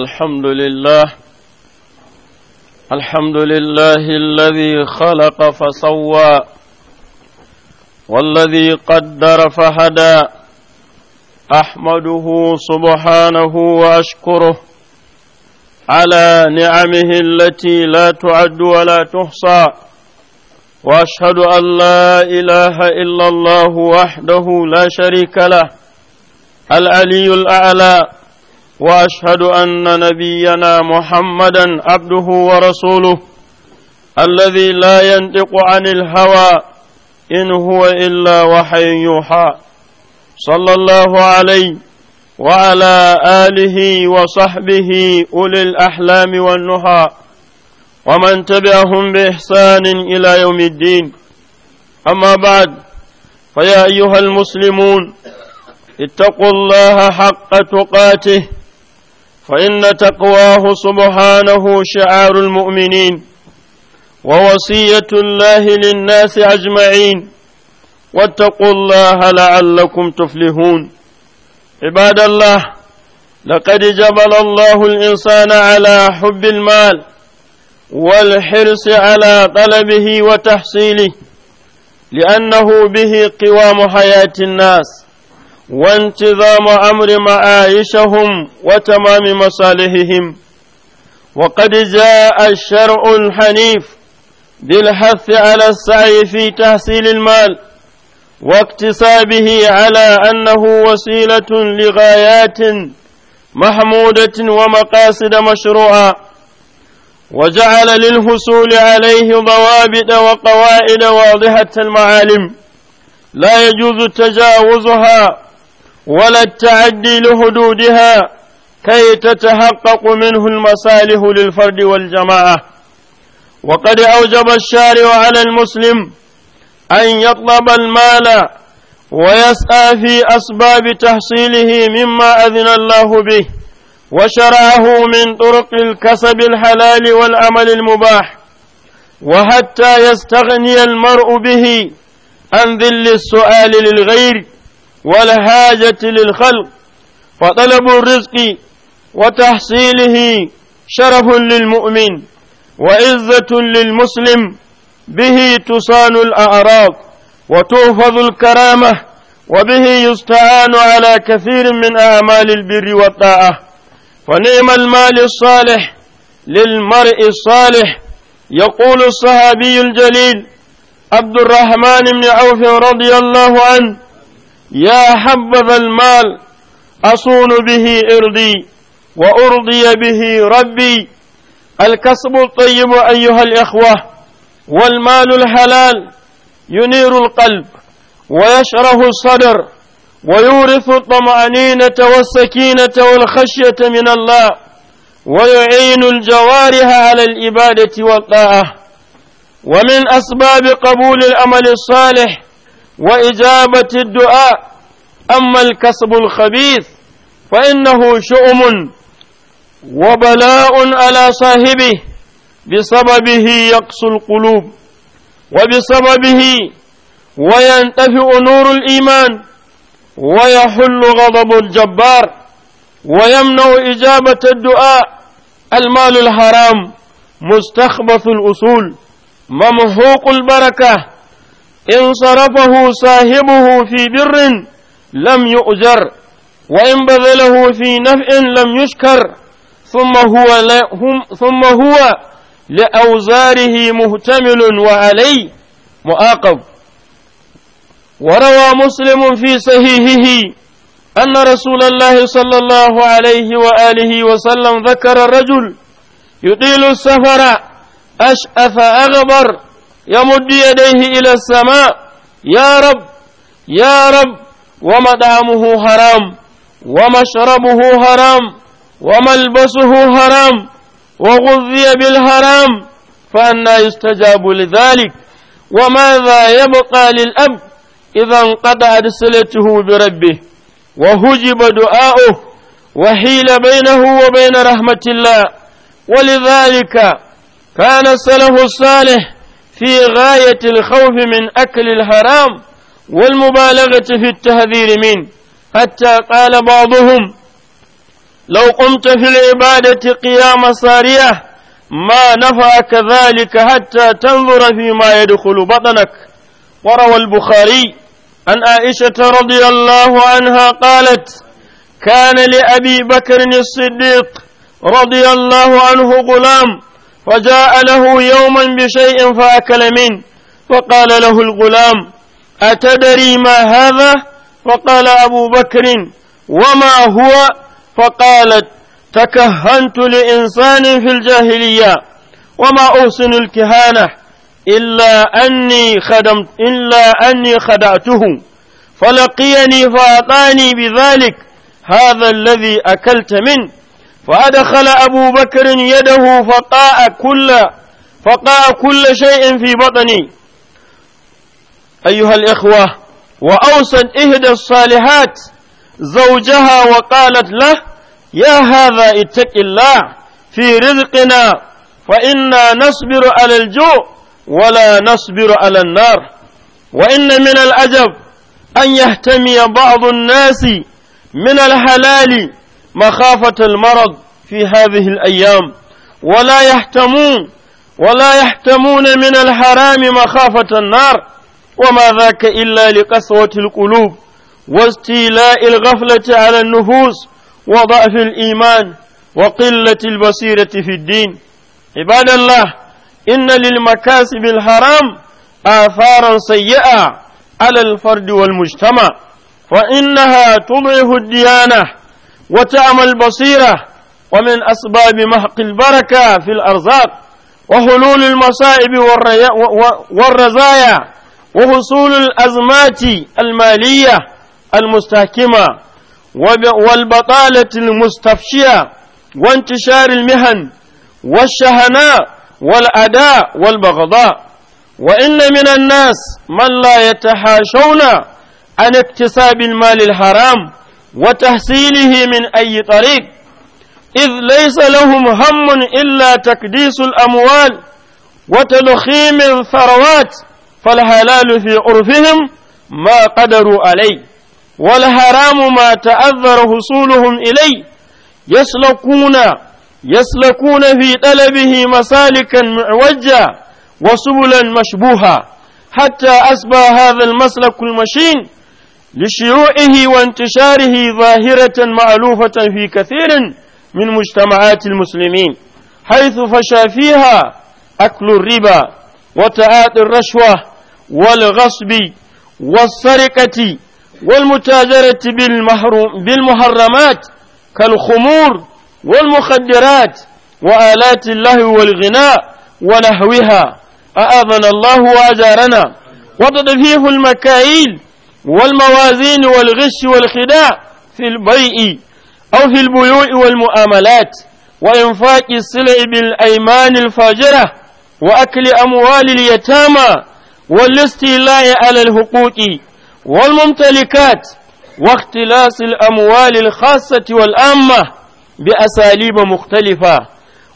الحمد لله الحمد لله الذي خلق فصوى والذي قدر فهدى أحمده سبحانه وأشكره على نعمه التي لا تعد ولا تحصى وأشهد أن لا إله إلا الله وحده لا شريك له العلي الأعلى واشهد ان نبينا محمدا عبده ورسوله الذي لا ينطق عن الهوى ان هو الا وحي يوحى صلى الله عليه وعلى اله وصحبه اولي الاحلام والنهى ومن تبعهم باحسان الى يوم الدين اما بعد فيا ايها المسلمون اتقوا الله حق تقاته فإن تقواه سبحانه شعار المؤمنين ووصية الله للناس أجمعين واتقوا الله لعلكم تفلحون عباد الله لقد جبل الله الإنسان على حب المال والحرص على طلبه وتحصيله لأنه به قوام حياة الناس وانتظام أمر معايشهم وتمام مصالحهم وقد جاء الشرع الحنيف بالحث على السعي في تحصيل المال واكتسابه على أنه وسيلة لغايات محمودة ومقاصد مشروعة وجعل للحصول عليه ضوابط وقواعد واضحة المعالم لا يجوز تجاوزها ولا التعدي لحدودها كي تتحقق منه المصالح للفرد والجماعة وقد أوجب الشارع على المسلم أن يطلب المال ويسعى في أسباب تحصيله مما أذن الله به وشرعه من طرق الكسب الحلال والعمل المباح وحتى يستغني المرء به عن ذل السؤال للغير ولا حاجة للخلق فطلب الرزق وتحصيله شرف للمؤمن وعزة للمسلم به تصان الأعراض وتوفض الكرامة وبه يستعان على كثير من أعمال البر والطاعة فنعم المال الصالح للمرء الصالح يقول الصحابي الجليل عبد الرحمن بن عوف رضي الله عنه يا حبذا المال أصون به إرضي وأرضي به ربي الكسب الطيب أيها الإخوة والمال الحلال ينير القلب ويشره الصدر ويورث الطمأنينة والسكينة والخشية من الله ويعين الجوارح على الإبادة والطاعة ومن أسباب قبول الأمل الصالح وإجابة الدعاء أما الكسب الخبيث فإنه شؤم وبلاء على صاحبه بسببه يقسو القلوب وبسببه وينتفئ نور الإيمان ويحل غضب الجبار ويمنع إجابة الدعاء المال الحرام مستخبث الأصول ممحوق البركة إن صرفه صاحبه في بر لم يؤجر وإن بذله في نفع لم يشكر ثم هو لهم ثم هو لأوزاره مهتمل وعليه مؤاقب وروى مسلم في صحيحه أن رسول الله صلى الله عليه وآله وسلم ذكر الرجل يطيل السفر أشأف أغبر يمد يديه إلى السماء يا رب يا رب ومدامه حرام ومشربه حرام وملبسه حرام وغذي بالحرام فأنا يستجاب لذلك وماذا يبقى للأب إذا انقطعت صلته بربه وهجب دعاؤه وحيل بينه وبين رحمة الله ولذلك كان السلف الصالح في غاية الخوف من أكل الحرام والمبالغة في التهذير منه حتى قال بعضهم لو قمت في العبادة قيام صارية ما نفعك ذلك حتى تنظر فيما يدخل بطنك وروى البخاري عن عائشة رضي الله عنها قالت كان لأبي بكر الصديق رضي الله عنه غلام وجاء له يوما بشيء فأكل منه فقال له الغلام أتدري ما هذا فقال أبو بكر وما هو فقالت تكهنت لإنسان في الجاهلية وما أحسن الكهانة إلا أني خدمت إلا أني خدعته فلقيني فأعطاني بذلك هذا الذي أكلت منه فأدخل أبو بكر يده فقاء كل فقاء كل شيء في بطني أيها الإخوة وأوصت إحدى الصالحات زوجها وقالت له يا هذا اتق الله في رزقنا فإنا نصبر على الجوع ولا نصبر على النار وإن من العجب أن يهتمي بعض الناس من الحلال مخافة المرض في هذه الأيام ولا يهتمون ولا يحتمون من الحرام مخافة النار وما ذاك إلا لقسوة القلوب واستيلاء الغفلة على النفوس وضعف الإيمان وقلة البصيرة في الدين عباد الله إن للمكاسب الحرام آثارا سيئة على الفرد والمجتمع فإنها تضعف الديانة وتعمى البصيرة ومن أسباب محق البركة في الأرزاق وحلول المصائب والرزايا وحصول الأزمات المالية المستحكمة والبطالة المستفشية وانتشار المهن والشهناء والأداء والبغضاء وإن من الناس من لا يتحاشون عن اكتساب المال الحرام وتحصيله من أي طريق إذ ليس لهم هم إلا تكديس الأموال وتلخيم الثروات فالحلال في عرفهم ما قدروا عليه والحرام ما تأذر حصولهم إليه يسلكون يسلكون في طلبه مسالكا معوجة وسبلا مشبوهة حتى أصبح هذا المسلك المشين لشيوعه وانتشاره ظاهرة مألوفة في كثير من مجتمعات المسلمين حيث فشى فيها أكل الربا وتعاطي الرشوة والغصب والسرقة والمتاجرة بالمحرمات كالخمور والمخدرات وآلات الله والغناء ونحوها أأذن الله وأجارنا وتضفيف المكاييل والموازين والغش والخداع في البيع أو في البيوع والمؤاملات وإنفاق السلع بالأيمان الفاجرة وأكل أموال اليتامى والاستيلاء على الحقوق والممتلكات واختلاس الأموال الخاصة والعامة بأساليب مختلفة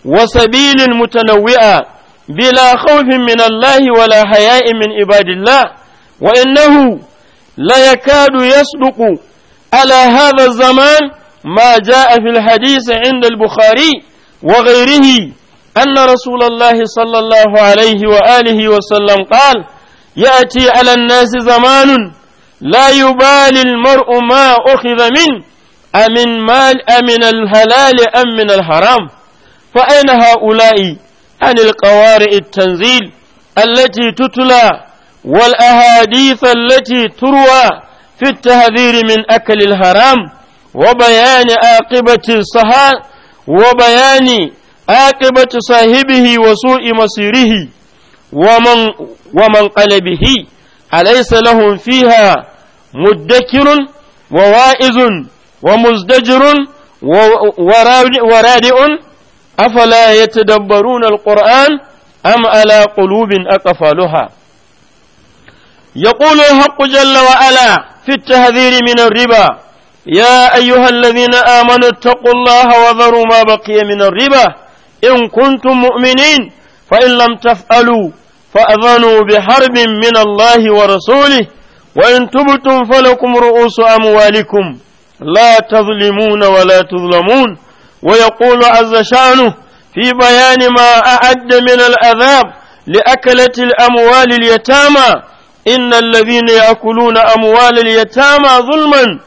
وسبيل متنوعة بلا خوف من الله ولا حياء من عباد الله وإنه لا يكاد يصدق على هذا الزمان ما جاء في الحديث عند البخاري وغيره أن رسول الله صلى الله عليه وآله وسلم قال يأتي على الناس زمان لا يبالي المرء ما أخذ منه أمن مال أمن الحلال أم من الحرام فأين هؤلاء عن القوارئ التنزيل التي تتلى والأحاديث التي تروى في التحذير من أكل الحرام وبيان عاقبة الصحة وبيان عاقبة صاحبه وسوء مصيره ومن ومن قلبه أليس لهم فيها مدكر ووائز ومزدجر ورادع أفلا يتدبرون القرآن أم على قلوب أقفالها يقول الحق جل وعلا في التهذير من الربا يا أيها الذين آمنوا اتقوا الله وذروا ما بقي من الربا إن كنتم مؤمنين فإن لم تفعلوا فأذنوا بحرب من الله ورسوله وإن تبتم فلكم رؤوس أموالكم لا تظلمون ولا تظلمون ويقول عز شانه في بيان ما أعد من العذاب لأكلة الأموال اليتامى إن الذين يأكلون أموال اليتامى ظلما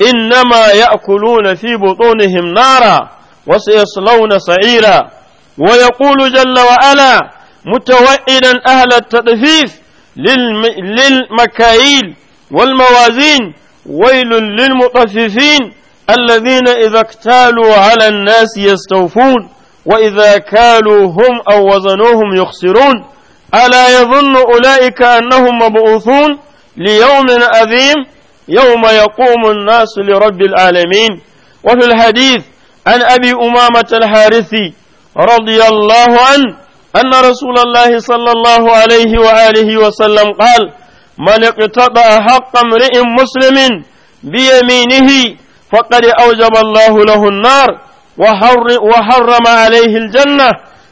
إنما يأكلون في بطونهم نارا وسيصلون سعيرا ويقول جل وعلا متوئدا أهل التطفيف للمكاييل والموازين ويل للمطففين الذين إذا اكتالوا على الناس يستوفون وإذا كالوهم أو وزنوهم يخسرون ألا يظن أولئك أنهم مبعوثون ليوم عظيم يوم يقوم الناس لرب العالمين وفي الحديث عن أبي أمامة الحارثي رضي الله عنه أن رسول الله صلى الله عليه وآله وسلم قال من اقتطع حق امرئ مسلم بيمينه فقد أوجب الله له النار وحرم عليه الجنة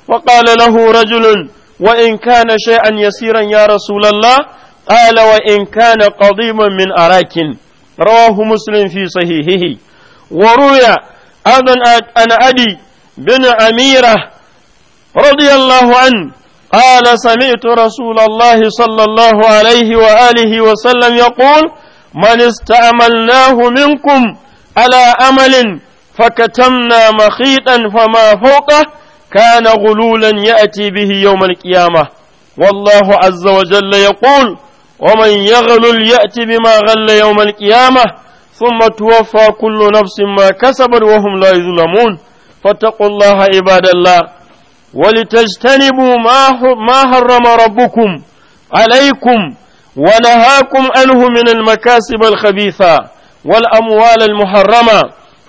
وقال له رجل وإن كان شيئا يسيرا يا رسول الله قال وإن كان قضيما من أراك رواه مسلم في صحيحه وروي أيضا أن أبي بن أميرة رضي الله عنه قال سمعت رسول الله صلى الله عليه وآله وسلم يقول من استعملناه منكم على أمل فكتمنا مخيطا فما فوقه كان غلولا يأتي به يوم القيامة والله عز وجل يقول ومن يغلل يأتي بما غل يوم القيامة ثم توفى كل نفس ما كسبت وهم لا يظلمون فاتقوا الله عباد الله ولتجتنبوا ما ما حرم ربكم عليكم ونهاكم عنه من المكاسب الخبيثة والأموال المحرمة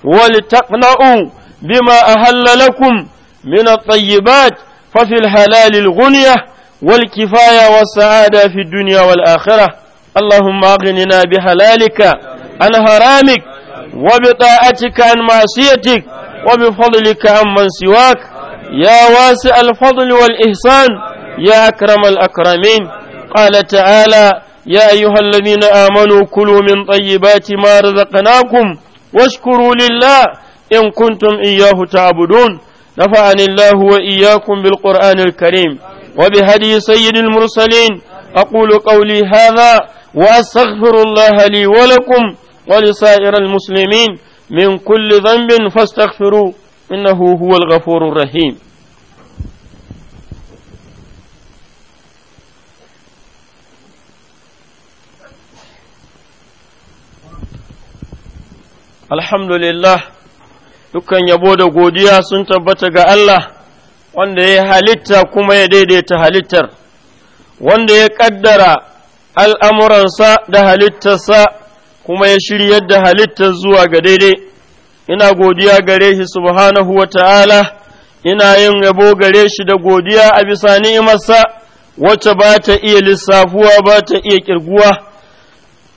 ولتقنعوا بما أهل لكم من الطيبات ففي الحلال الغنية والكفاية والسعادة في الدنيا والآخرة اللهم أغننا بحلالك عن حرامك وبطاعتك عن معصيتك وبفضلك عن من سواك يا واسع الفضل والإحسان يا أكرم الأكرمين قال تعالى يا أيها الذين آمنوا كلوا من طيبات ما رزقناكم واشكروا لله إن كنتم إياه تعبدون نفعني الله وإياكم بالقرآن الكريم وبهدي سيد المرسلين أقول قولي هذا وأستغفر الله لي ولكم ولسائر المسلمين من كل ذنب فاستغفروا إنه هو الغفور الرحيم الحمد لله dukkan yabo da godiya sun tabbata ga Allah wanda ya halitta kuma ya daidaita halittar, wanda ya ƙaddara al'amuransa da halittarsa kuma ya shiryar da halittar zuwa ga daidai, ina godiya gare shi subhanahu wa ta'ala, ina yin yabo gare shi da godiya a bisa ni'imarsa wacce ba ta iya lissafuwa ba ta iya ƙirguwa.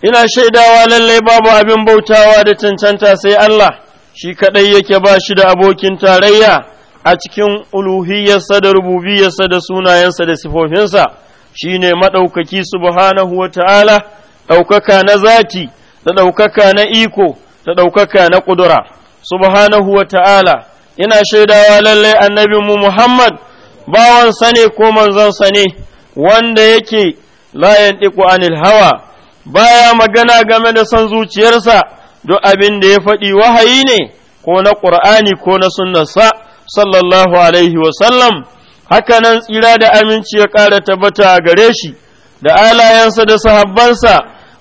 Ina shaidawa lallai babu abin bautawa da cancanta sai Allah. shi kaɗai yake ba shi da abokin tarayya a cikin uluhiyarsa da rububiyarsa da sunayensa da sifofinsa shi ne maɗaukaki subhanahu wa ta'ala ɗaukaka na zati da ɗaukaka na iko da ɗaukaka na ƙudura subhanahu wa ta'ala ina shaidawa lallai mu muhammad wansa ne ko manzonsa ne wanda yake layan ɗiku anil hawa baya magana game da son zuciyarsa duk abin da ya faɗi wahayi ne ko na ƙur'ani ko na sunnarsa sallallahu alaihi wasallam haka nan tsira da aminci ya ƙara tabbata a gare shi da alayensa da sahabbansa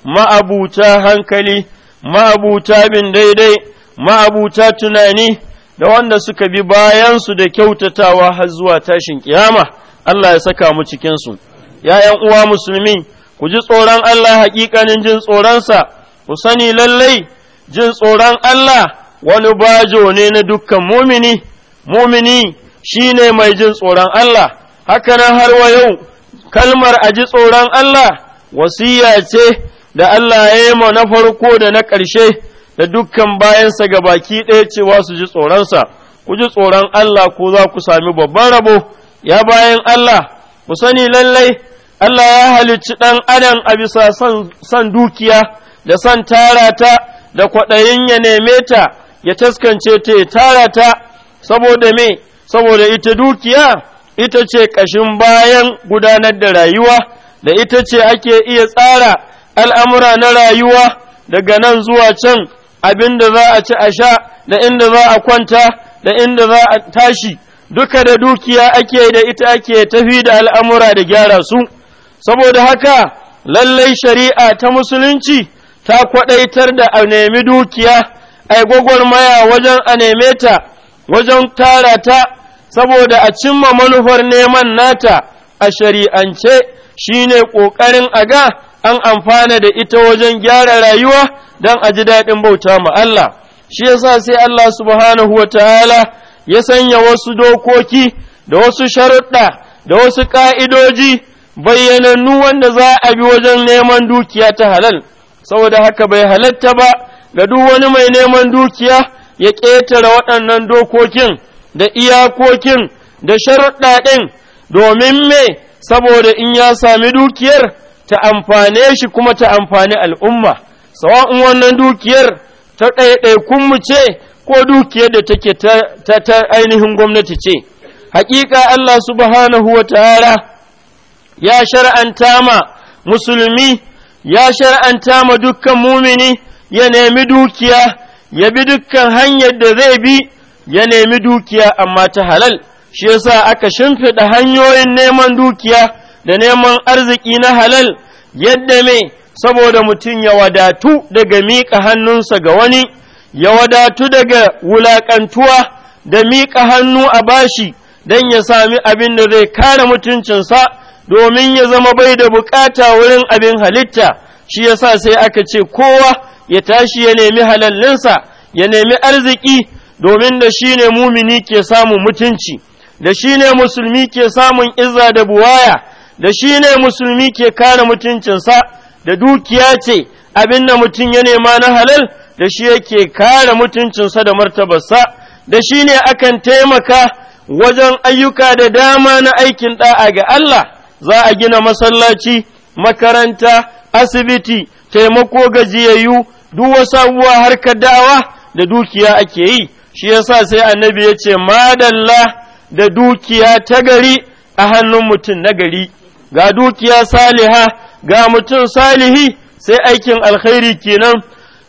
ma'abuta hankali ma'abuta bin daidai ma'abuta tunani da wanda suka bi bayansu da kyautatawa har zuwa tashin kiyama Allah ya saka mu cikinsu ‘ya'yan uwa musulmi ku ji tsoron Allah haƙiƙanin jin tsoronsa ku sani lallai jin tsoron Allah wani bajo ne na dukkan mumini mumini ne mai jin tsoron Allah haka nan har wa yau kalmar a ji tsoron Allah wasiya ce da Allah ya yi na farko da na ƙarshe da dukkan bayansa ga baki ɗaya cewa su ji tsoronsa ku ji tsoron Allah ko za ku sami babban rabo ya bayan Allah ku sani lallai Allah ya halicci ɗan adam a bisa son dukiya da son tara ta da kwaɗayin ya neme ta ya taskance ta ya tara ta saboda me saboda ita dukiya ita ce ƙashin bayan gudanar da rayuwa da ita ce ake iya tsara al'amura na rayuwa daga nan zuwa can abin da za a ci a sha da inda za a kwanta da inda za a tashi duka da dukiya ake da ita ake tafi da al'amura da gyara su saboda haka lallai shari'a ta musulunci ta kwaɗaitar da a nemi dukiya ai gwagwarmaya wajen a neme ta wajen tara ta saboda a cimma manufar neman nata a shari'ance shine ƙoƙarin a ga an amfana da ita wajen gyara rayuwa don a ji daɗin bauta ma Allah shi yasa sai Allah subhanahu wa ta'ala ya sanya wasu dokoki da wasu sharuɗa da wasu ƙa'idoji bayyanannu wanda za a bi wajen neman dukiya ta halal. saboda haka bai halatta ba ga duk wani mai neman dukiya ya ƙetare waɗannan dokokin da iyakokin da sharuɗa ɗin domin me saboda in ya sami dukiyar ta amfane shi kuma ta amfani al'umma sawa'un wannan dukiyar ta ɗaiɗaikun mu ce ko dukiyar da take ta ainihin gwamnati ce haƙiƙa Allah subhanahu wa ta'ala ya shara'anta ma musulmi ya shar'anta ma dukkan mumini ya nemi dukiya ya bi dukkan hanyar da zai bi ya nemi dukiya amma ta halal shi yasa aka shimfiɗa hanyoyin neman dukiya da neman arziki na halal yadda me saboda mutum ya wadatu daga miƙa hannunsa ga wani ya wadatu daga wulaƙantuwa da miƙa hannu a bashi don ya sami abin da zai kare mutuncinsa domin ya zama bai da bukata wurin abin halitta shi ya sa sai aka ce kowa ya tashi ya nemi halallinsa ya nemi arziki domin da shi ne mumini ke samun mutunci da shi ne musulmi ke samun izza da buwaya da shi ne musulmi ke kare mutuncinsa da dukiya ce abin da mutum ya nema na halal da shi yake kare mutuncinsa da martabarsa da shi ne akan taimaka wajen ayyuka da dama na aikin da'a ga Allah za a gina masallaci makaranta asibiti taimako gajiyayyu duk wasu abubuwa harkar dawa da dukiya ake yi shi yasa sai annabi ya ce madalla da dukiya ta gari a hannun mutum na gari ga dukiya saliha ga mutum salihi sai aikin alkhairi kenan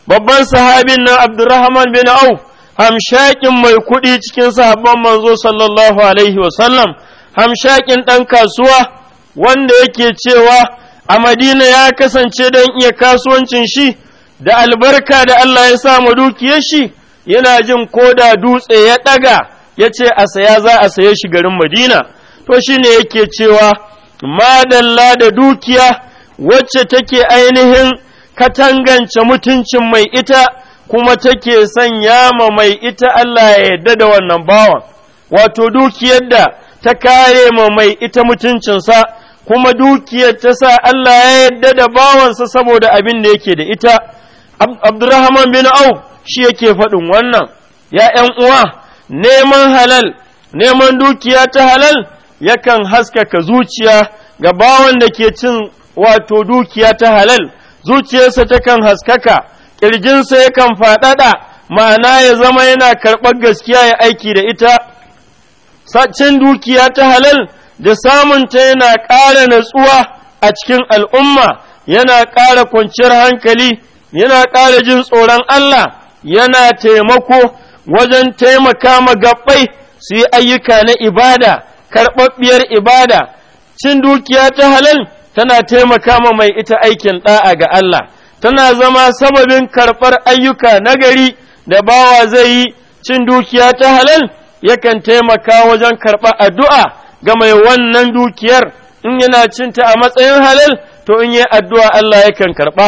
babban sahabin nan abdurrahman bin auf hamshakin mai kuɗi cikin sahabban manzo sallallahu alaihi wasallam hamshakin ɗan kasuwa wanda yake cewa a Madina ya kasance don iya kasuwancin shi da albarka da Allah ya sa ma dukiyar shi yana jin koda dutse ya ɗaga ya ce a saya za a saye shi garin Madina to shine yake cewa madalla da dukiya wacce take ainihin katangance mutuncin mai ita kuma take sanya ma mai ita Allah ya yarda da wannan bawan wato dukiyar da ta kare ma mai ita mutuncinsa kuma dukiyar ta sa Allah ya yarda da bawansa saboda abin da yake da ita Abdurrahman bin Auf shi yake faɗin wannan ya ’yan uwa neman halal neman dukiya ta halal yakan haskaka zuciya ga bawan da ke cin wato dukiya ta halal zuciyarsa takan haskaka ƙirjinsa yakan faɗaɗa ma'ana ya zama yana karɓar gaskiya ya aiki da ita cin dukiya ta halal da samun ta yana ƙara natsuwa a cikin al'umma yana ƙara kwanciyar hankali yana ƙara jin tsoron Allah yana taimako wajen taimaka ma gabbai su yi ayyuka na ibada karɓaɓɓiyar ibada cin dukiya ta halal tana taimaka ma mai ita aikin ɗa'a ga Allah tana zama sababin karɓar ayyuka nagari da bawa zai yi cin dukiya ta halal yakan taimaka wajen karɓar addu'a ga mai wannan dukiyar in yana cinta a matsayin halal to in yi addu'a Allah yakan karɓa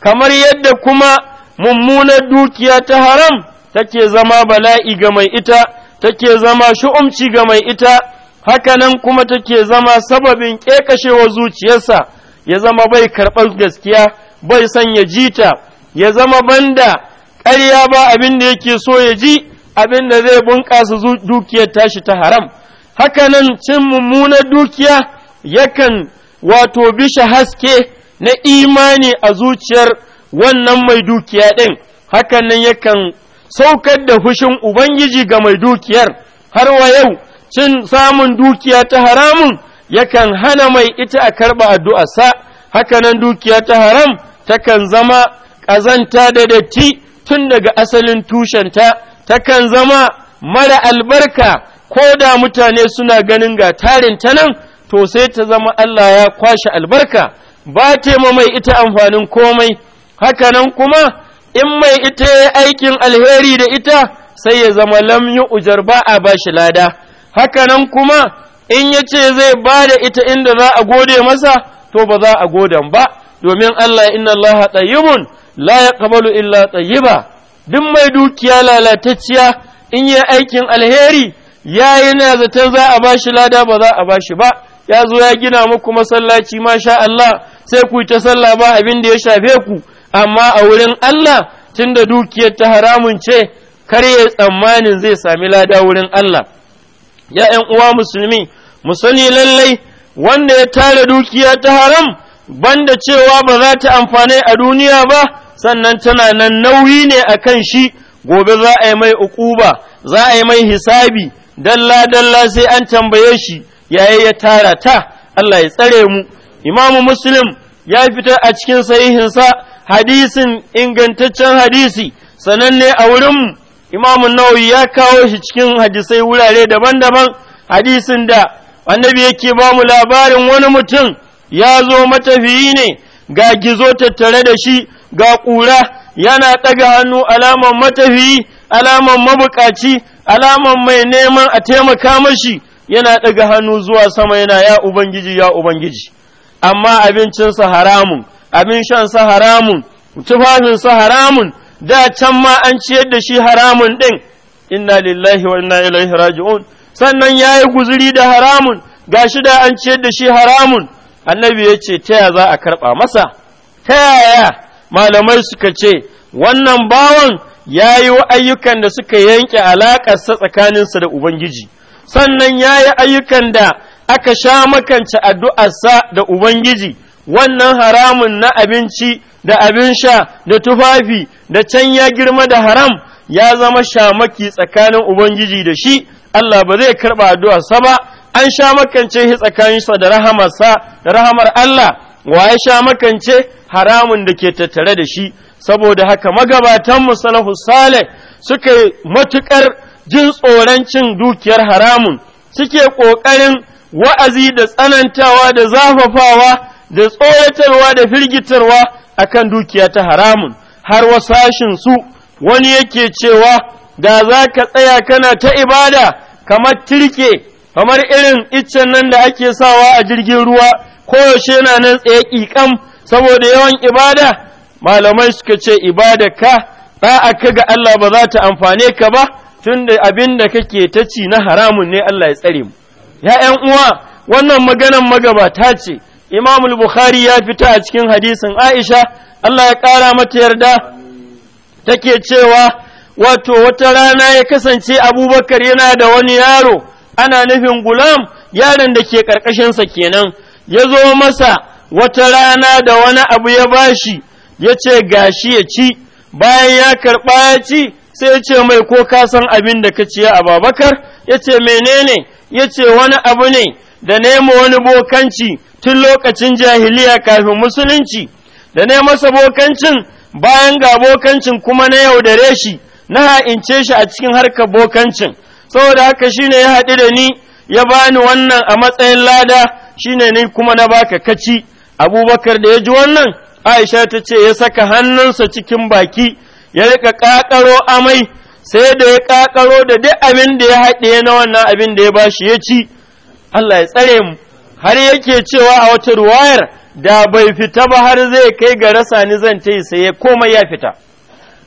kamar yadda kuma mummunar dukiya ta haram take zama bala'i ga mai ita take zama shu'umci ga mai ita hakanan kuma take zama sababin ƙeƙashewa zuciyarsa ya zama bai karɓar gaskiya bai son ya jita ya zama banda ƙarya ba abin da yake so ya ji abin da zai bunƙasa dukiyar tashi ta haram hakanan cin mummunar dukiya yakan wato bisha haske na imani a zuciyar wannan mai dukiya ɗin hakanan yakan saukar da fushin ubangiji ga mai dukiyar har wa yau cin samun dukiya ta haramun yakan hana mai ita a karɓa addu'arsa hakanan dukiya ta haram takan zama ƙazanta da datti tun daga asalin tushenta takan zama mara albarka ko da mutane suna ganin ga tarin ta nan to sai ta zama Allah ya kwashe albarka ba taima mai ita amfanin komai haka nan kuma in mai ita ya aikin alheri da ita sai ya zama lam yi ujar ba a ba shi lada haka nan kuma in ya ce zai ba da ita inda za a gode masa to ba za a godan ba domin Allah inna Allah tayyibun la kamalu illa tayyiba duk mai dukiya lalatacciya in yi aikin alheri ya yi na zaton za a bashi lada ba za a bashi ba ya zo ya gina muku masallaci masha Allah sai ku yi ta sallah ba abin da ya shafe ku amma a wurin Allah tunda dukiyar ta haramun ce kar ya tsammanin zai sami lada wurin Allah ya ƴan uwa musulmi mu sani lallai wanda ya tara dukiya ta haram banda cewa ba za ta amfane a duniya ba sannan tana nan nauyi ne a kan shi gobe za a yi mai ukuba za a yi mai hisabi dalla dalla sai an tambaye shi yayi ya tara ta Allah ya tsare mu imamu muslim ya fitar a cikin sahihinsa hadisin ingantaccen hadisi sananne a wurin imamu nawawi ya kawo shi cikin hadisai wurare daban-daban hadisin da annabi yake ba mu labarin wani mutum ya zo matafiyi ne ga gizo tattare da shi ga ƙura yana ɗaga hannu alaman matafiyi alaman mabukaci alaman mai neman a taimaka mashi yana ɗaga hannu zuwa sama yana ya ubangiji ya ubangiji amma abincinsa haramun abin shansa haramun tufafinsa haramun da can ma an ciyar da shi haramun ɗin inna lillahi wa inna ilaihi raji'un sannan ya yi guzuri da haramun gashi da an ciyar da shi haramun annabi ya ce ta za a karɓa masa ta yaya malamai suka ce wannan bawon ya yi ayyukan da suka yanke alaƙarsa tsakaninsa da Ubangiji, sannan ya yi ayyukan da aka sha makance addu'arsa da Ubangiji, wannan haramun na abinci da abin sha da tufafi da can ya girma da haram ya zama shamaki tsakanin Ubangiji da shi, Allah ba zai karɓa addu'arsa ba, an sha makance shi tsakaninsa da rahamarsa da rahamar Allah, wa ya sha makance haramun da ke tattare da shi. saboda haka magabatan musalahu sale suka yi matuƙar jin tsoron cin dukiyar haramun suke ƙoƙarin wa'azi da tsanantawa da zafafawa da tsoratarwa da firgitarwa akan dukiya ta haramun har wasashin su wani yake cewa da za ka tsaya kana ta ibada kamar tirke kamar irin iccen nan da ake sawa a jirgin ruwa koyaushe na nan tsaye ƙiƙam saboda yawan ibada malamai suka ce ibada ka ga Allah ba za ta amfane ka ba tunda abin da kake ta ci na haramun ne Allah ya tsare mu ya uwa wannan maganan magabata ce Imam Bukhari ya fita a cikin hadisin Aisha Allah ya ƙara mata yarda take cewa wato wata rana ya kasance Abubakar yana da wani yaro ana nufin gulam yaron da ke ƙarƙashinsa kenan ya zo masa wata rana da wani abu ya bashi ya ce shi ya ci bayan ya karɓa ya ci sai ya ce mai ko ka san abin da ka ciya a babakar ya ce menene ya ce wani abu ne da nema wani bokanci tun lokacin jahiliya kafin musulunci da ne masa bokancin bayan ga bokancin kuma na yaudare shi na ha'ince shi a cikin harkar bokancin saboda haka shine ya haɗu da ni ya bani wannan a matsayin lada shine ni kuma na baka kaci abubakar da ya ji wannan Aisha ta ce ya saka hannunsa cikin baki ya rika ƙaƙaro amai sai da ya ƙaƙaro da duk abin da ya haɗe na wannan abin da ya ba shi ya ci Allah ya tsare mu har yake cewa a wata ruwayar da bai fita ba har zai kai ga rasa ni zan ta sai ya komai ya fita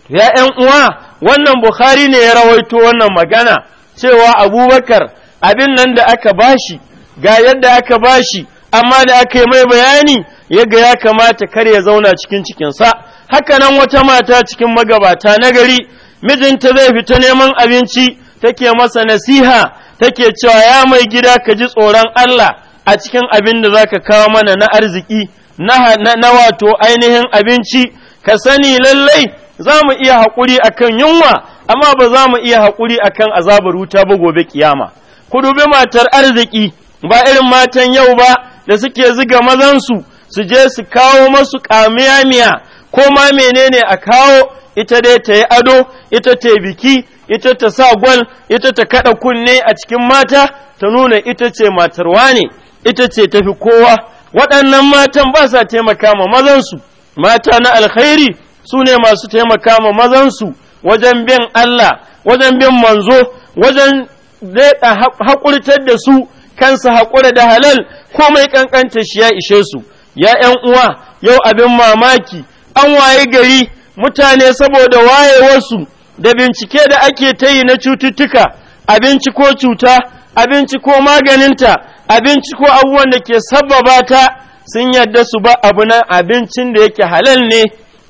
ya ’yan uwa wannan Bukhari ne ya rawaito wannan magana cewa Abubakar abin nan da aka bashi ga yadda aka bashi amma da aka yi mai bayani yaga ya kamata kar ya zauna cikin cikinsa hakanan wata mata cikin magabata na gari mijinta zai fita neman abinci take masa nasiha take cewa ya mai gida ka ji tsoron Allah a cikin abin da zaka kawo mana na arziki na, na wato ainihin abinci ka sani lallai za mu iya haƙuri akan yunwa amma ba za mu iya haƙuri akan azabar wuta ba gobe kiyama ku dubi matar arziki ba irin matan yau ba da suke ziga mazansu su je su kawo masu miya ko ma menene a kawo ita dai ta yi ado ita ta yi biki ita ta sa gwal ita ta kaɗa kunne a cikin mata ta nuna ita ce matarwa ne ita ce tafi kowa waɗannan matan ba sa taimaka ma mazansu mata na alkhairi su ne masu taimaka ma mazansu wajen bin Allah wajen bin manzo wajen daɗa haƙurtar da su kansa haƙura da halal ko mai ƙanƙanta shi ya ishe su ya ‘yan uwa yau abin mamaki an waye gari mutane saboda wayewarsu da bincike da ake ta yi na cututtuka abinci ko cuta abinci ko maganinta abinci ko abubuwan da ke sababa ta sun yadda su ba abu na abincin da yake halal ne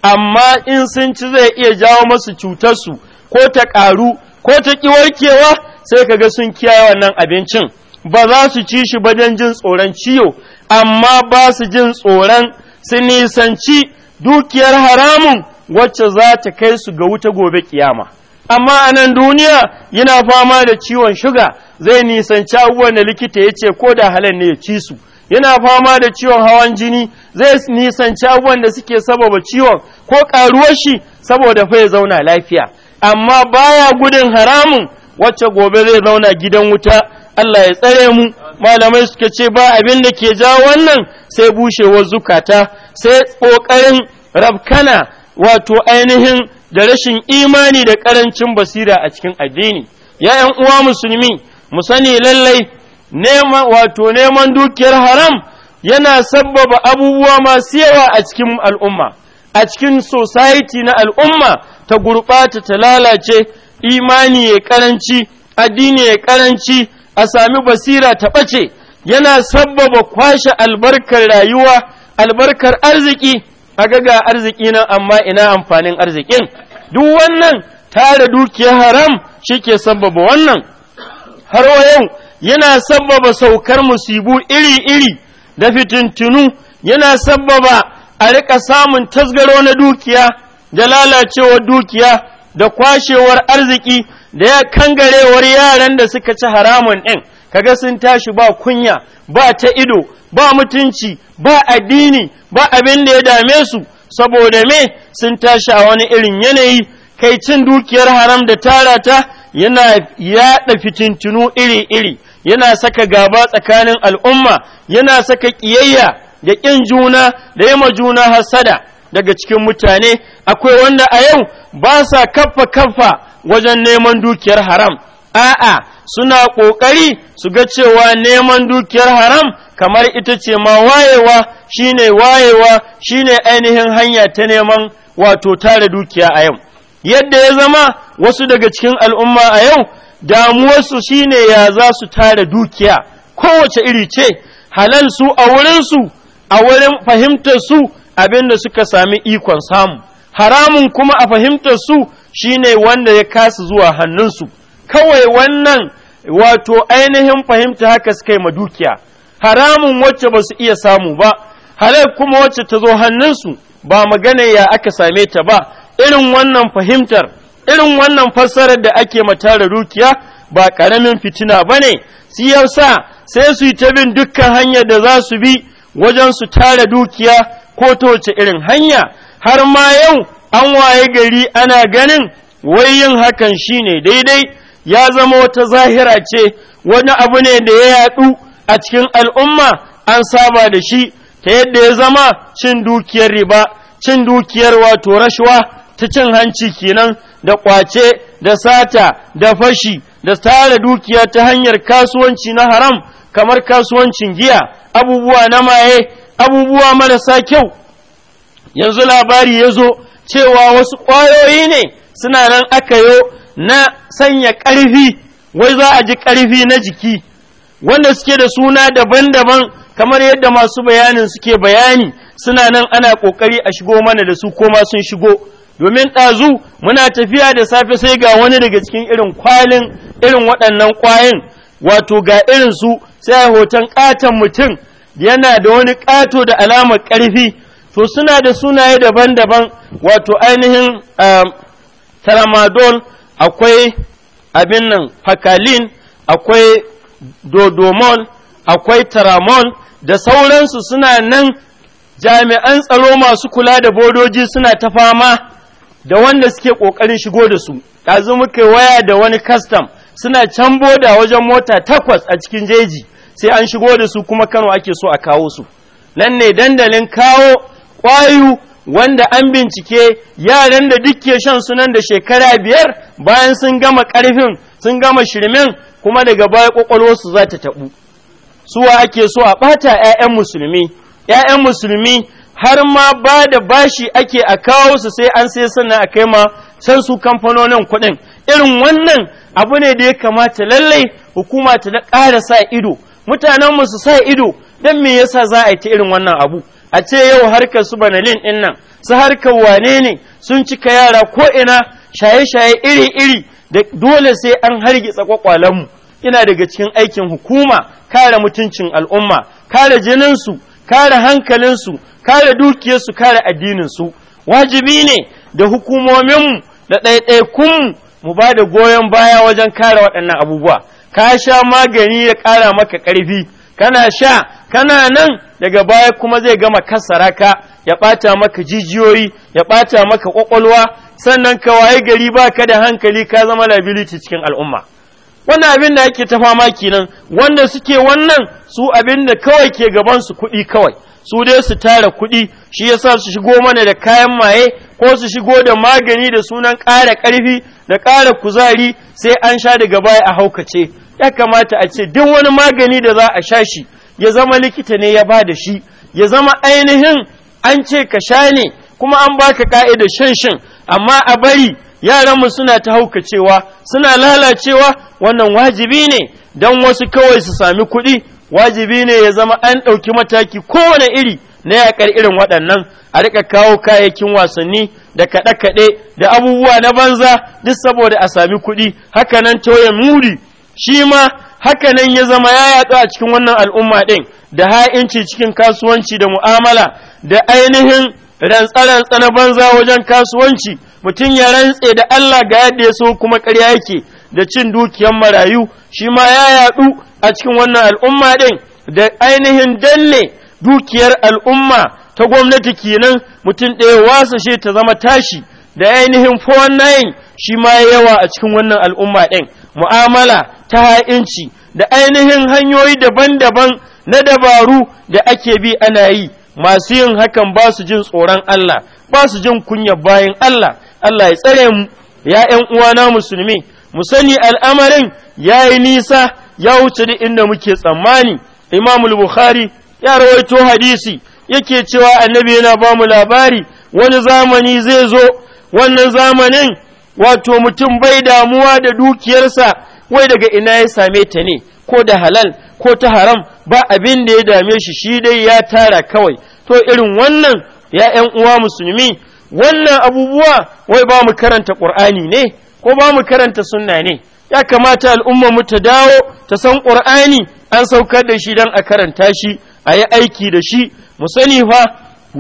amma in sun ci zai iya jawo masu cutarsu ko ta ƙaru ko ta ƙi warkewa sai ga sun kiyaye wannan abincin ba za su ci shi ba don jin tsoron ciyo amma ba su jin tsoron su nisanci dukiyar haramun wacce za ta kai su ga wuta gobe kiyama amma a nan duniya yana fama da ciwon shuga zai nisanci abubuwan da likita ya ce ko da halin ne ya ci su yana fama da ciwon hawan jini zai nisanci abubuwan da suke sababa ciwon ko karuwar shi saboda fai zauna lafiya amma baya gudun haramun wacce gobe zai zauna gidan wuta Allah ya tsare mu malamai suka ce ba abin da ke jawo wannan sai bushewar zukata sai ƙoƙarin rabkana wato ainihin da rashin imani da ƙarancin basira a cikin addini ya uwa musulmi mu sani lallai nema wato neman dukiyar haram yana sabbaba abubuwa masu yawa a cikin al'umma a cikin society na al'umma ta gurɓata ta lalace imani ya karanci addini ya karanci a sami basira ta ɓace yana sabbaba kwashe albarkar rayuwa albarkar arziki a gaga arziki nan amma ina amfanin arzikin duk wannan tare dukiya haram shi ke sabbaba wannan har wa yau yana sabbaba saukar musibu iri-iri da fitintunu yana sabbaba a rika samun tasgaro na dukiya da lalacewar dukiya da kwashewar arziki da ya kangarewar yaran da suka ci haramun ɗin kaga sun tashi ba kunya ba ta ido ba mutunci ba addini ba abin da ya dame su saboda me sun tashi a wani irin yanayi kai cin dukiyar haram da tarata yana yaɗa fitintunu iri-iri yana saka gaba tsakanin al'umma yana saka ƙiyayya da ƙin juna da yi juna hasada daga cikin mutane akwai wanda a yau ba sa kaffa kaffa wajen neman dukiyar haram a'a suna ƙoƙari su ga cewa neman dukiyar haram kamar ita ce ma wayewa shine wayewa shine ainihin hanya ta neman wato tare dukiya a yau yadda ya zama wasu daga cikin al'umma a yau damuwarsu shine ya za su tare dukiya kowace iri ce halal su a wurinsu a wurin fahimtar su abin da suka sami ikon samu haramun kuma a fahimtar su Shi ne wanda ya kasa zuwa hannunsu kawai wannan wato ainihin fahimta haka suka yi dukiya haramun wacce ba su iya samu ba halai kuma wacce ta zo hannunsu ba magana ya aka same ta ba irin wannan fahimtar irin wannan fassarar da ake matara dukiya ba ƙaramin fitina ba ne siyasa sai su yi ta bin dukkan hanyar da za su bi wajen su tara dukiya ko ta wace irin hanya har ma yau an waye gari ana ganin wai yin hakan shine daidai ya zama wata zahira ce wani abu ne da ya yaɗu a cikin al'umma an saba da shi ta yadda ya zama cin dukiyar riba cin dukiyar wato rashuwa ta cin hanci kenan da ƙwace da sata da fashi da tara dukiya ta hanyar kasuwanci na haram kamar kasuwancin giya abubuwa na maye abubuwa marasa kyau yanzu labari ya zo cewa wasu ƙwayoyi ne suna nan aka yo na sanya ƙarfi wai za a ji ƙarfi na jiki wanda suke da suna daban-daban kamar yadda masu bayanin suke bayani suna nan ana ƙoƙari a shigo mana da su koma sun shigo domin ɗazu muna tafiya da safe sai ga wani daga cikin irin kwalin irin waɗannan ƙwayin wato ga irin su sai hoton ƙaton mutum yana da wani ƙato da alamar ƙarfi to suna da sunaye daban-daban wato ainihin um, tramadol akwai abin nan pakalin akwai dodomol akwai tramol da sauransu suna nan jami'an tsaro masu kula da bodoji suna ta fama da wanda suke ƙoƙarin shigo da su ɗazu muka waya da wani kastam suna can boda wajen mota takwas a cikin jeji sai an shigo da su kuma kano ake so a kawo su nan ne dandalin kawo Kwayu, wanda an bincike yaran da duk ke shan sunan da shekara biyar bayan sun gama ƙarfin sun gama shirmen kuma daga baya ƙwaƙwalwarsu za ta taɓu suwa ake so a ɓata 'ya'yan musulmi 'ya'yan musulmi har ma ba da bashi ake a kawo su sai an sai sannan a kai ma san su kamfanonin kuɗin irin wannan abu ne da ya kamata lallai hukuma ta ƙara sa ido mutanen mu su sa ido don me yasa za a yi ta irin wannan abu a ce yau harkar su banalin ɗin nan su harkar wane ne sun cika yara ko'ina shaye-shaye iri-iri da dole sai an hargitsa kwakwalenmu ina daga cikin aikin hukuma kare mutuncin al'umma kare jininsu kare hankalinsu kare dukiyarsu kare addininsu wajibi ne da hukumominmu da ɗaiɗaikunmu mu ba da goyon baya wajen kare waɗannan abubuwa ka sha magani ya ƙara maka ƙarfi kana sha kana nan daga baya kuma zai gama kasara ka ya ɓata maka jijiyoyi ya ɓata maka ƙwaƙwalwa sannan ka waye gari ba ka da hankali ka zama labiliti cikin al'umma wannan abin da ake ta fama kenan wanda suke wannan su abin da kawai ke gaban su kuɗi kawai su dai su tara kuɗi shi yasa su shigo mana da kayan maye ko su shigo da magani da sunan ƙara ƙarfi da ƙara kuzari sai an sha daga baya a haukace ya kamata a ce duk wani magani da za a sha shi ya zama likita ne ya ba da shi ya zama ainihin an ce ka sha ne kuma an baka ka'ida shan shan amma a bari yaranmu suna ta haukacewa suna lalacewa wannan wajibi ne don wasu kawai su sami kuɗi wajibi ne ya zama an ɗauki mataki kowane iri na yaƙar irin waɗannan a riƙa kawo kayayyakin wasanni da kaɗe-kaɗe da abubuwa na banza duk saboda a sami kuɗi hakanan nan muri shi ma haka nan ya zama ya yaɗu a cikin wannan al'umma ɗin da ha'inci cikin kasuwanci da mu'amala da ainihin rantsa-rantsa na banza wajen kasuwanci mutum ya rantse da Allah ga yadda ya so kuma ƙarya yake da cin dukiyar marayu shi ma ya yaɗu a cikin wannan al'umma ɗin da ainihin danne dukiyar al'umma ta gwamnati kenan mutum ɗaya wasa shi ta zama tashi da ainihin 419 shi ma ya yawa a cikin wannan al'umma ɗin mu'amala ta ha'inci da ainihin hanyoyi daban-daban na dabaru da ake bi ana yi masu yin hakan ba su jin tsoron Allah ba su jin kunya bayan Allah Allah ya tsare mu ya ’yan uwana musulmi mu sani al'amarin ya yi nisa ya wuce da inda muke tsammani imamul bukhari ya rawaito hadisi yake cewa annabi yana ba mu labari wani zamani zai zo wannan zamanin wato mutum bai damuwa da dukiyarsa wai daga ina ya same ta ne ko da halal ko ta haram ba abin da ya dame shi shi dai ya tara kawai to irin wannan ya ‘yan uwa musulmi wannan abubuwa wai ba mu karanta ƙur'ani ne ko ba mu karanta sunna ne ya kamata al'umma mu ta dawo ta san ƙur'ani an saukar da shi dan a karanta shi a yi aiki da shi mu sani fa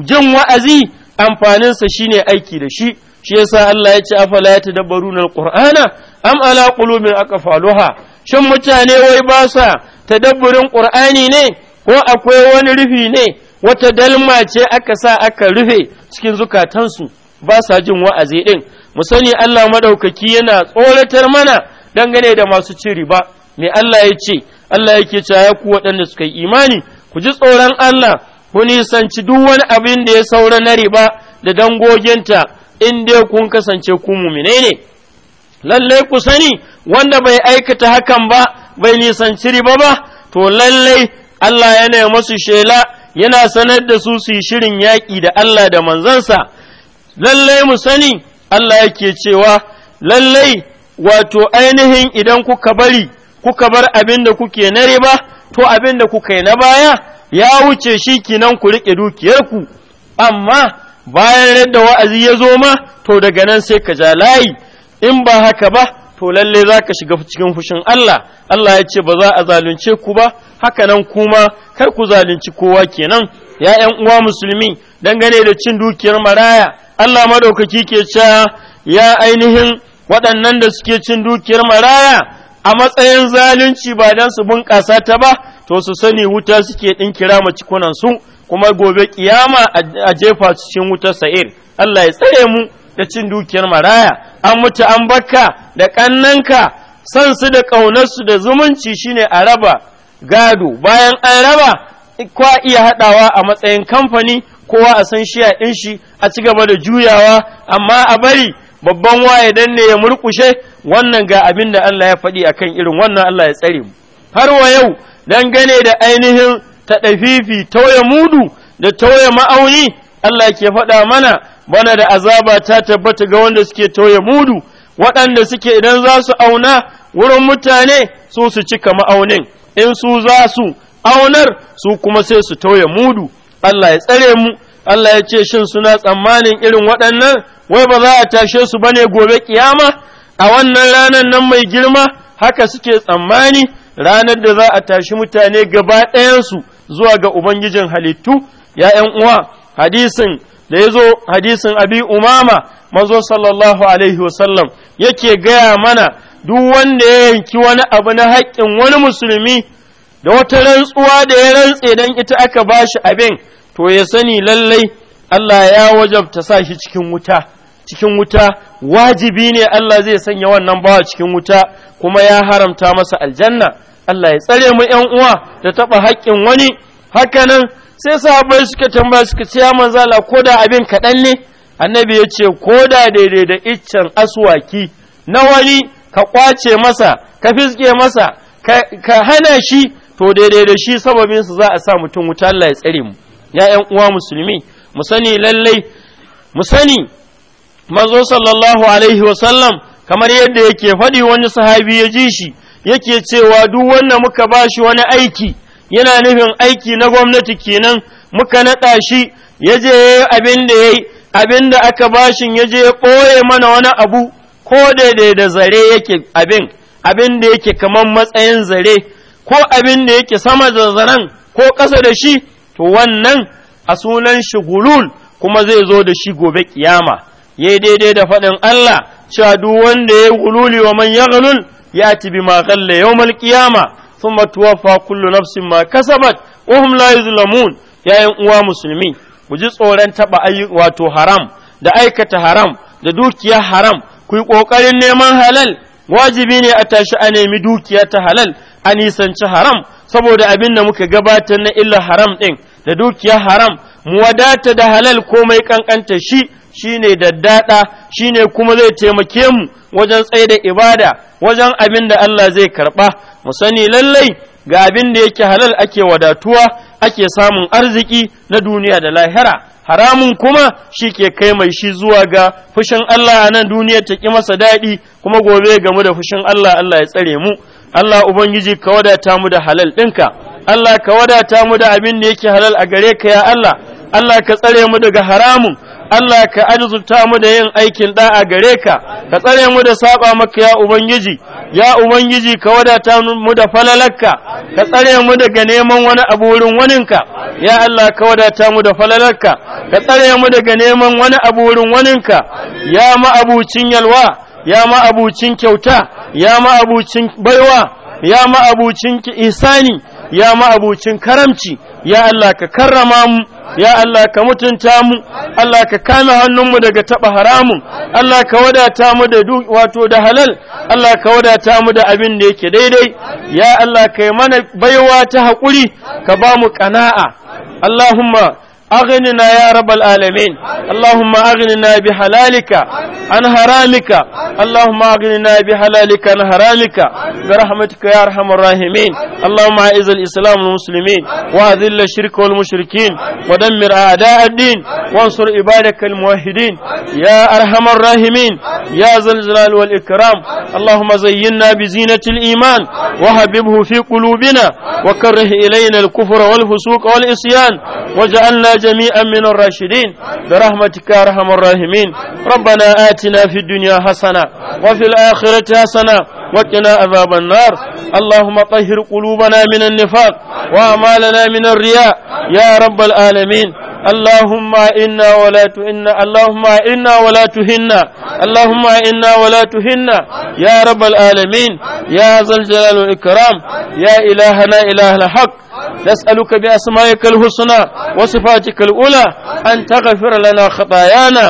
jin wa'azi amfaninsa shine aiki da shi shi yasa Allah ya ce afala ya tadabbaruna alqur'ana am ala qulubin aqfaluha shin mutane wai ba sa tadabburin qur'ani ne ko akwai wani rufi ne wata dalma ce aka sa aka rufe cikin zukatansu ba sa jin wa'azi din mu sani Allah madaukaki yana tsoratar mana dangane da masu cin riba me Allah ya ce Allah yake cewa ya ku waɗanda suka yi imani ku ji tsoron Allah ku nisanci duk wani abin da ya saura na riba da dangoginta in dai kun kasance ku mumine ne lallai ku sani wanda bai aikata hakan ba bai nisanci riba ba to lallai Allah yana masu shela yana sanar da su su yi shirin yaƙi da Allah da manzansa lallai mu sani Allah yake cewa lallai wato ainihin idan kuka bari kuka bar abin da kuke na riba to abin da kuka yi na baya ya wuce shi kinan ku riƙe dukiyarku amma bayan da wa'azi ya zo ma to daga nan sai ka ja layi in ba haka ba to lalle za ka shiga cikin fushin Allah Allah ya ce ba za a zalunce ku ba haka nan kuma kar ku zalunci kowa kenan ya ƴan uwa musulmi dangane da cin dukiyar maraya Allah madaukaki ke cewa ya ainihin waɗannan da suke cin dukiyar maraya a matsayin zalunci ba dan su bunƙasa ta ba to su sani wuta suke ɗinkira ma cikunan su kuma gobe kiyama a jefa cikin wutar sa'ir Allah ya tsare mu da cin dukiyar maraya an mutu an bakka da ƙannanka san su da ƙaunarsu da zumunci shine a raba gado bayan an raba kwa iya haɗawa a matsayin kamfani kowa a san shiya ɗin shi a ci gaba da juyawa amma a bari babban waye dan ne ya murkushe wannan ga abin da Allah ya faɗi akan irin wannan Allah ya tsare mu har wa yau gane da ainihin taɗafifi tauye mudu da tauye ma'auni Allah ke faɗa mana bana da azaba ta tabbata ga wanda suke toye mudu waɗanda suke idan za su auna wurin mutane su su cika ma'aunin in su za su aunar su kuma sai su toye mudu Allah ya tsare mu Allah ya ce shin suna tsammanin irin waɗannan wai ba za a tashe su bane gobe kiyama a wannan ranar nan mai girma haka suke tsammani ranar da za a tashi mutane gaba ɗayansu zuwa ga Ubangijin halittu ya uwa hadisin da ya zo hadisin abi umama manzo sallallahu alaihi wasallam yake gaya mana duk wanda ya yanki wani abu na haƙƙin wani musulmi da wata rantsuwa da ya rantse don ita aka ba shi abin to ya sani lallai Allah ya wajabta sa shi cikin wuta cikin wuta wajibi ne Allah zai sanya wannan bawa cikin wuta kuma ya haramta masa aljanna Allah ya tsare mu ƴan uwa da taɓa haƙƙin wani hakanan sai sahabai suka tambaya suka ce ya manzo Allah ko da abin kaɗan ne annabi ya ce ko da daidai da iccen aswaki na wani ka kwace masa ka fiske masa ka hana shi to daidai da shi sababin su za a sa mutum wuta Allah ya tsare mu ya ƴan uwa musulmi mu sani lallai mu sani manzo sallallahu alaihi wa sallam kamar yadda yake faɗi wani sahabi ya ji shi yake cewa duk wanda muka ba shi wani aiki yana nufin aiki na gwamnati kenan muka naɗa shi ya je abin da ya yi abin da aka bashin ya je ya ɓoye mana wani abu ko daidai da zare yake abin abin da yake kamar matsayin zare ko abin da yake sama da zaren ko ƙasa da shi to wannan a sunan shi gulul kuma zai zo da shi gobe kiyama ya yi daidai da faɗin Allah cewa duk wanda ya gululi wa man ya ya ti bi ma yawmal kiyama thumma tuwaffa kullu nafsin ma kasabat wa hum la yuzlamun uwa musulmi ku ji tsoron taba wato haram da aikata haram da dukiya haram ku yi neman halal wajibi ne a tashi a nemi dukiya ta halal a nisanci haram saboda abin da muka gabatar na illa haram ɗin da dukiya haram mu wadata da halal komai ƙanƙanta shi shine daddada shine kuma zai taimake mu wajen tsaye da ibada wajen abin da Allah zai karɓa. mu sani lallai ga abin da yake halal ake wadatuwa ake samun arziki na duniya da lahira haramun kuma shi ke kai mai shi zuwa ga fushin Allah a nan duniya ta ƙi masa daɗi kuma gobe gamu da fushin Allah Allah ya tsare mu Allah Ubangiji ka wadata mu da halal ɗinka Allah ka wadata mu da abin da yake halal a gare ka ya Allah Allah ka tsare mu daga haramun Allah ka arzurta mu da yin aikin da'a gare ka ka tsare mu da saba maka ya ubangiji ya ubangiji ka wadata mu da falalarka ka tsare mu daga neman wani abu wurin waninka ya Allah ka wadata mu da falalarka ka tsare mu daga neman wani abu wurin waninka ya ma'abucin yalwa ya ma'abucin kyauta ya ma'abucin baiwa ya ma'abucin ihsani ya ma'abucin karamci ya Allah ka karrama mu ya Allah ka mutunta mu Allah ka kame hannunmu daga taɓa haramun Allah ka wadata mu da wato da halal Allah ka wadata mu da abin da yake daidai ya Allah ka yi mana baiwa ta haƙuri ka ba mu ƙana'a Allahumma أغننا يا رب العالمين اللهم أغننا بحلالك عن حرامك اللهم أغننا بحلالك عن حرامك برحمتك يا أرحم الراحمين اللهم أعز الإسلام والمسلمين وأذل الشرك والمشركين ودمر أعداء الدين وانصر عبادك الموحدين يا أرحم الراحمين يا ذا الجلال والإكرام اللهم زينا بزينة الإيمان وحببه في قلوبنا وكره إلينا الكفر والفسوق والعصيان وجعلنا جميعا من الراشدين برحمتك يا أرحم الراحمين ربنا آتنا في الدنيا حسنة وفي الآخرة حسنة وقنا عذاب النار اللهم طهر قلوبنا من النفاق وأعمالنا من الرياء يا رب العالمين اللهم إنا ولا تهنا اللهم إنا ولا تهنا اللهم إنا ولا تهنا يا رب العالمين يا ذا الجلال والإكرام يا إلهنا إله الحق نسألك بأسمائك الحسنى وصفاتك الأولى أن تغفر لنا خطايانا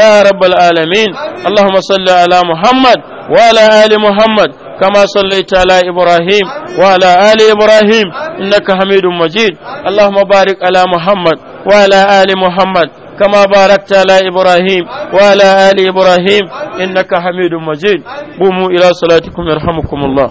يا رب العالمين اللهم صل على محمد وعلى آل محمد كما صليت على إبراهيم وعلى آل إبراهيم إنك حميد مجيد اللهم بارك على محمد وعلى آل محمد كما باركت على إبراهيم وعلى آل إبراهيم إنك حميد مجيد قوموا إلى صلاتكم يرحمكم الله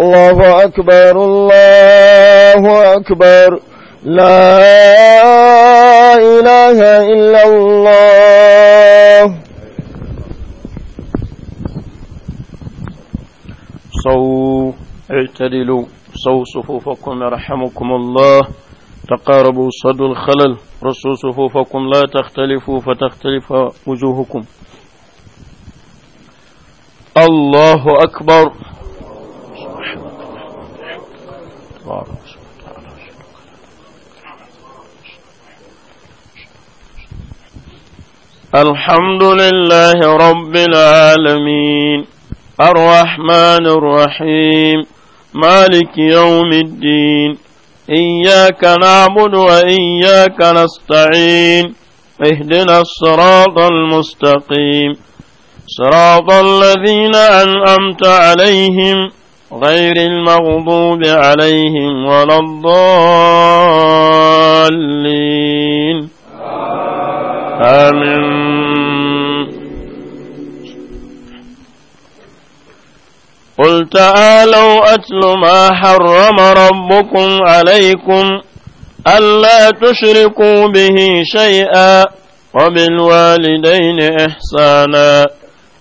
الله أكبر الله أكبر لا إله إلا الله صو اعتدلوا صو صفوفكم يرحمكم الله تقاربوا صد الخلل رصوا صفوفكم لا تختلفوا فتختلف وجوهكم الله أكبر الحمد لله رب العالمين الرحمن الرحيم مالك يوم الدين إياك نعبد وإياك نستعين اهدنا الصراط المستقيم صراط الذين أنأمت عليهم غير المغضوب عليهم ولا الضالين آمين قل تعالوا أتل ما حرم ربكم عليكم ألا تشركوا به شيئا وبالوالدين إحسانا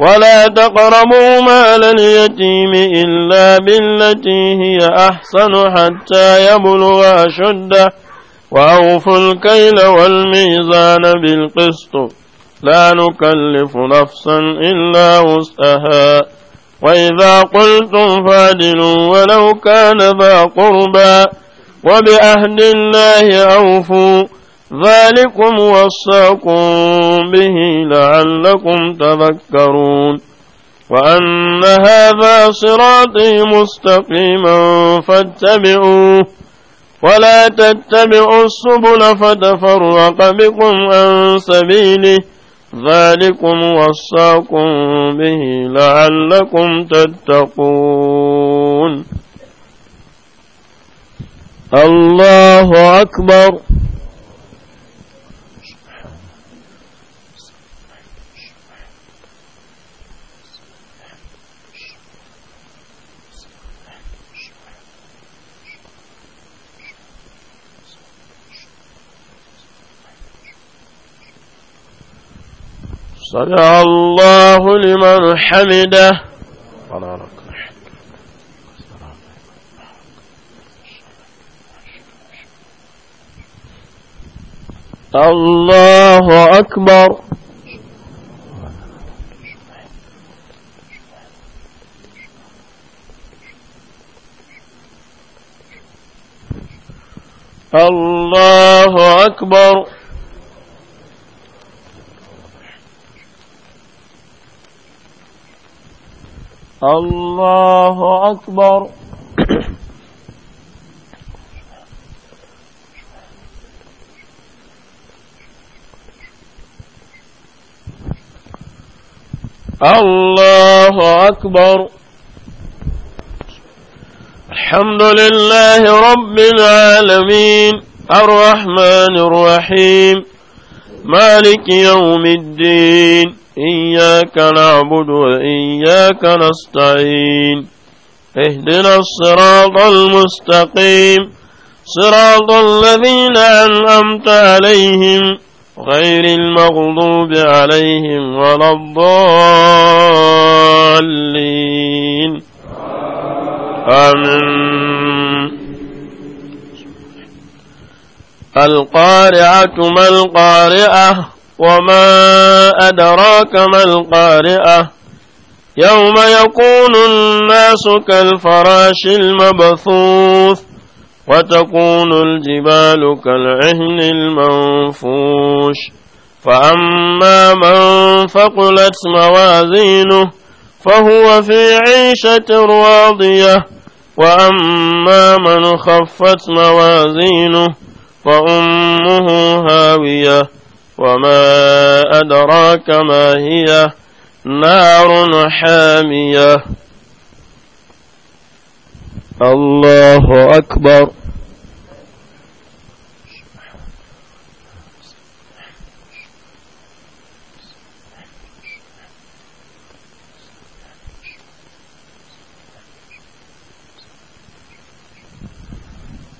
ولا تقربوا مال اليتيم إلا بالتي هي أحسن حتى يبلغ أشده وأوفوا الكيل والميزان بالقسط لا نكلف نفسا إلا وسعها وإذا قلتم فادلوا ولو كان ذا قربى وبأهد الله أوفوا ذلكم وصاكم به لعلكم تذكرون وأن هذا صراطي مستقيما فاتبعوه ولا تتبعوا السبل فتفرق بكم عن سبيله ذلكم وصاكم به لعلكم تتقون الله أكبر صلى الله لمن حمده الله أكبر الله أكبر الله أكبر الله أكبر الحمد لله رب العالمين الرحمن الرحيم مالك يوم الدين إياك نعبد وإياك نستعين اهدنا الصراط المستقيم صراط الذين أنعمت عليهم غير المغضوب عليهم ولا الضالين آمين القارعة ما القارعة وما أدراك ما القارعة يوم يكون الناس كالفراش المبثوث وتكون الجبال كالعهن المنفوش فأما من فقلت موازينه فهو في عيشة راضية وأما من خفت موازينه فأمه هاوية وما أدراك ما هي نار حامية الله أكبر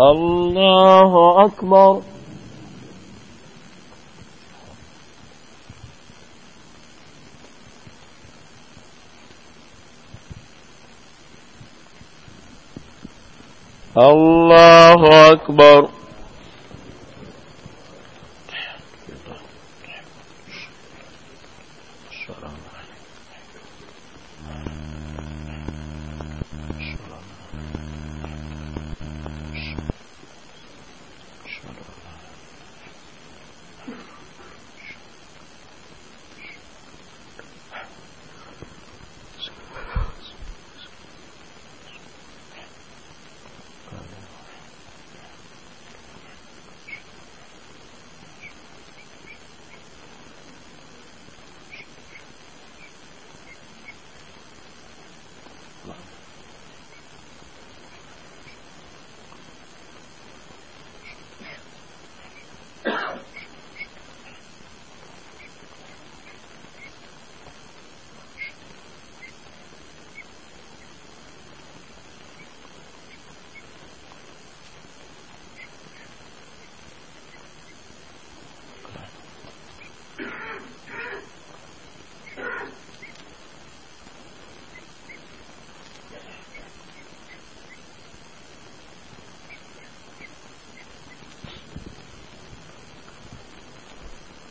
الله أكبر الله أكبر